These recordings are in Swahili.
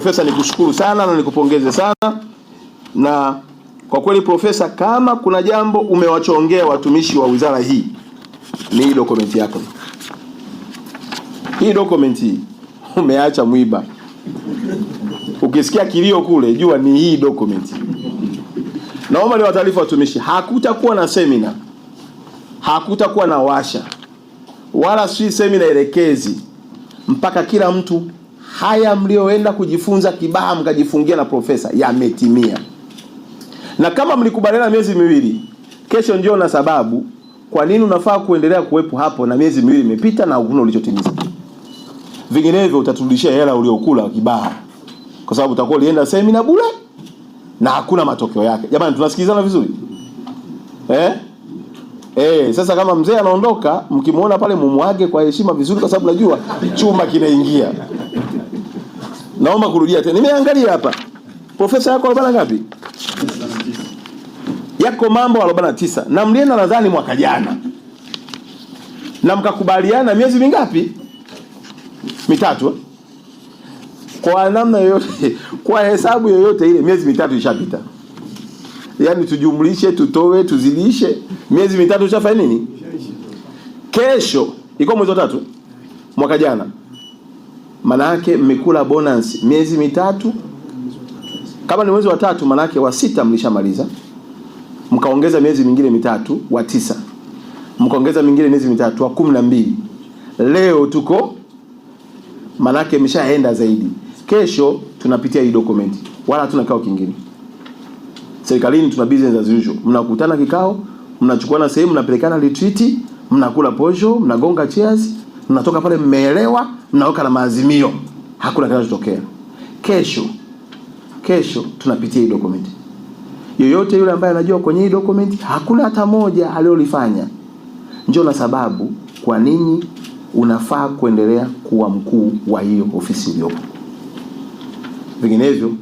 Profesa, nikushukuru sana na nikupongeze sana na kwa kweli Profesa, kama kuna jambo umewachongea watumishi wa wizara hii ni hii dokumenti yako. Hii dokumenti umeacha mwiba. Ukisikia kilio kule, jua ni hii dokumenti. Naomba ni wataarifa watumishi, hakutakuwa na semina, hakutakuwa na washa wala si semina elekezi mpaka kila mtu haya mlioenda kujifunza Kibaha mkajifungia na profesa yametimia, na kama mlikubaliana miezi miwili, kesho ndio na sababu kwa nini unafaa kuendelea kuwepo hapo, na miezi miwili imepita na hukuna ulichotimiza. Vinginevyo utaturudishia hela uliokula Kibaha, kwa sababu utakuwa ulienda semina bure na hakuna matokeo yake. Jamani, tunasikilizana vizuri eh? Eh, sasa kama mzee anaondoka, mkimwona pale mumwage kwa heshima vizuri, kwa sababu najua chuma kinaingia. Naomba kurudia tena, nimeangalia hapa profesa, yako arobaini ngapi? Yako mambo arobaini na tisa na mlienda nadhani mwaka jana na mkakubaliana miezi mingapi? Mitatu. Eh? Kwa namna yoyote, kwa hesabu yoyote ile, miezi mitatu ishapita. Yaani tujumlishe, tutoe, tuzidishe, miezi mitatu ishafanya nini? Kesho iko mwezi wa tatu mwaka jana maana yake mmekula bonus miezi mitatu, kama ni mwezi wa tatu, maana yake wa sita mlishamaliza, mkaongeza miezi mingine mitatu, wa tisa mkaongeza mingine miezi mitatu, wa kumi na mbili. Leo tuko maana yake mmeshaenda zaidi. Kesho tunapitia hii dokumenti, wala hatuna kikao kingine serikalini. Tuna business as usual, mnakutana kikao, mnachukua na sehemu, mnapelekana retreat, mnakula posho, mnagonga chairs, mnatoka pale mmeelewa mnaoka na maazimio, hakuna kinachotokea. Kesho kesho tunapitia hii document. Yoyote yule ambaye anajua kwenye hii document hakuna hata moja aliyolifanya, njoo na sababu kwa nini unafaa kuendelea kuwa mkuu wa hiyo ofisi iliyopo. Vinginevyo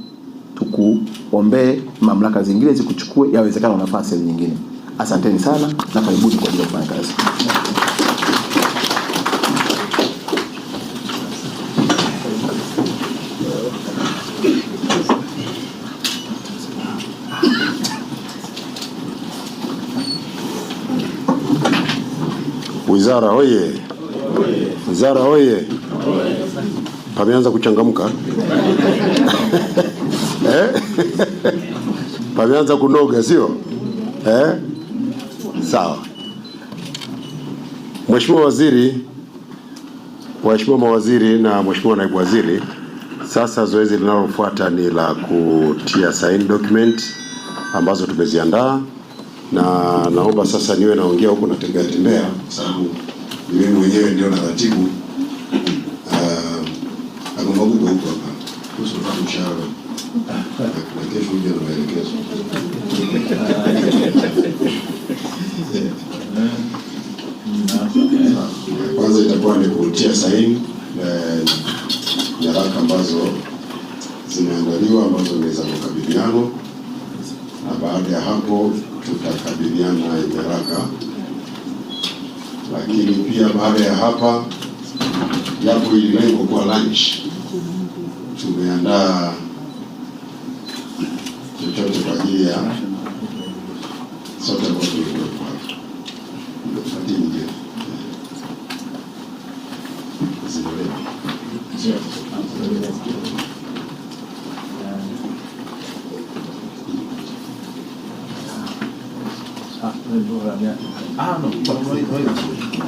tukuombee mamlaka zingine zikuchukue, yawezekana unafaa sehemu nyingine. Asanteni sana na karibuni kwa ajili ya kufanya kazi. Wizara oye! Wizara oye! Pameanza kuchangamka eh? Pameanza kunoga sio eh? Sawa. Mheshimiwa Waziri, Mheshimiwa mawaziri na mheshimiwa naibu waziri, sasa zoezi linalofuata ni la kutia saini document ambazo tumeziandaa na naomba sasa niwe naongea huku natembea tembea, kwa sababu mimi mwenyewe ndio naratibu agombagumba ah, huko hapa kusuaa mshahara na kesho huja na maelekezo kwanza itakuwa ni kutia saini eh, nyaraka ambazo zimeandaliwa ambazo ni za makabidhiano, na baada ya hapo tutakabiliana naye haraka, lakini pia baada ya hapa, japo ili lengo kwa lunch, tumeandaa chochote kwa ajili ya sote ambao tulikuwa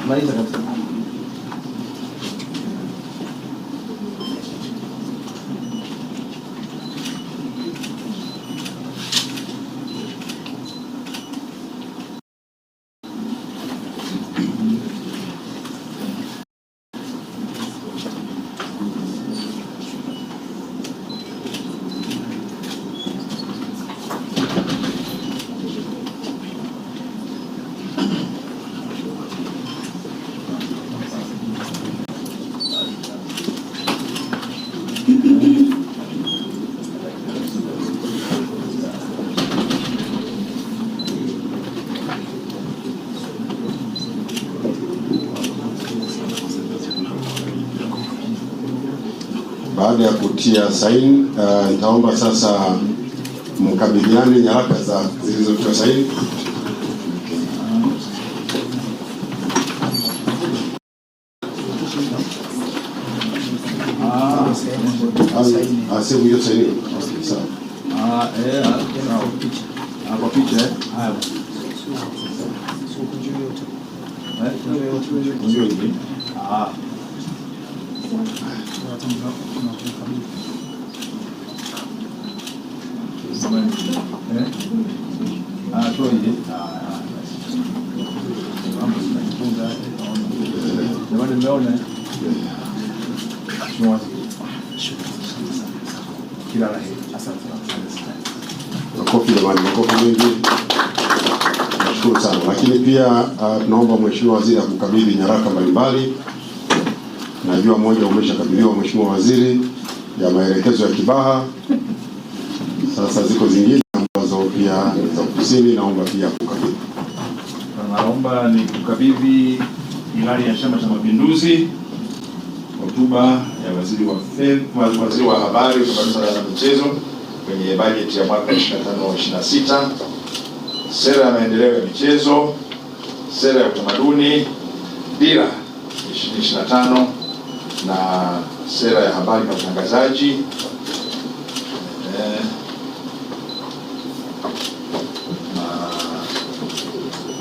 Marisa, Capitán. baada ya kutia saini uh, itaomba sasa mkabidhiane nyaraka za zilizotiwa saini. Ah, ah makofi jamani, makofi mengi. Nashukuru sana, lakini pia uh, tunaomba mheshimiwa waziri akukabidhi nyaraka mbalimbali najua mmoja umeshakabidhiwa Mheshimiwa Waziri ya maelekezo ya Kibaha. Sasa ziko zingine ambazo pia za ofisini, naomba pia kukabidhi. Naomba ni kukabidhi ilani ya Chama cha Mapinduzi, hotuba ya waziri wa fedha, waziri wa habari, utamaduni na michezo kwenye bajeti ya mwaka 25 26, sera ya maendeleo ya michezo, sera ya utamaduni, dira 2025 na sera ya habari na utangazaji eh, na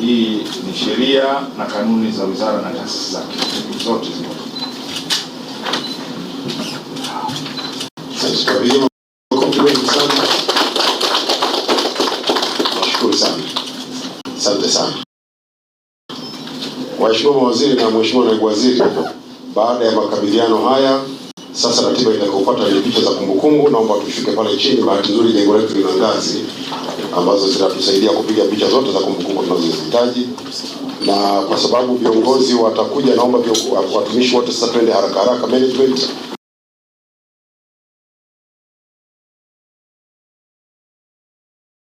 hii ni sheria na kanuni za wizara na taasisi zake zote zimoja. Nashukuru sana, asante sana waheshimiwa mawaziri na mheshimiwa naibu waziri. Baada ya makabiliano haya, sasa ratiba itakayofuata ni picha za kumbukumbu. Naomba tushuke pale chini. Bahati nzuri jengo letu lina ngazi ambazo zitatusaidia kupiga picha zote za kumbukumbu tunazozihitaji, na kwa sababu viongozi watakuja, naomba watumishi wote sasa twende haraka haraka management